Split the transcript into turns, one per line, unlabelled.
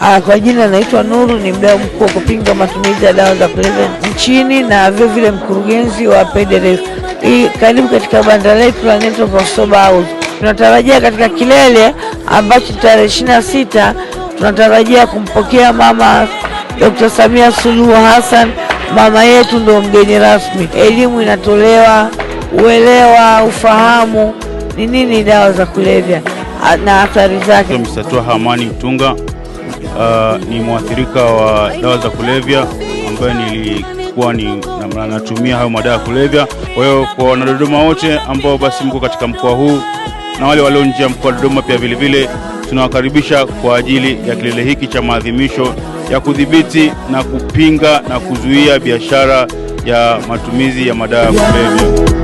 Aa, kwa jina naitwa Nuru, ni mdau mkuu wa kupinga matumizi ya dawa za kulevya nchini na vile vile mkurugenzi wa PEDERES. Karibu katika banda letu la Net of Sober House. Tunatarajia katika kilele ambacho tarehe ishirini na sita tunatarajia kumpokea Mama Dr. Samia Suluhu Hassan, mama yetu ndio mgeni rasmi. Elimu inatolewa, uelewa, ufahamu ni nini dawa za kulevya na athari zake.
Mstatua Hamani Mtunga uh, ni mwathirika wa dawa za kulevya ambayo nilikuwa ni natumia hayo madawa ya kulevya. Kwa hiyo kwa wanadodoma wote ambao basi mko katika mkoa huu na wale walio nje ya mkoa wa Dodoma pia vilevile tunawakaribisha kwa ajili ya kilele hiki cha maadhimisho ya kudhibiti na kupinga na kuzuia biashara ya matumizi ya madawa ya kulevya.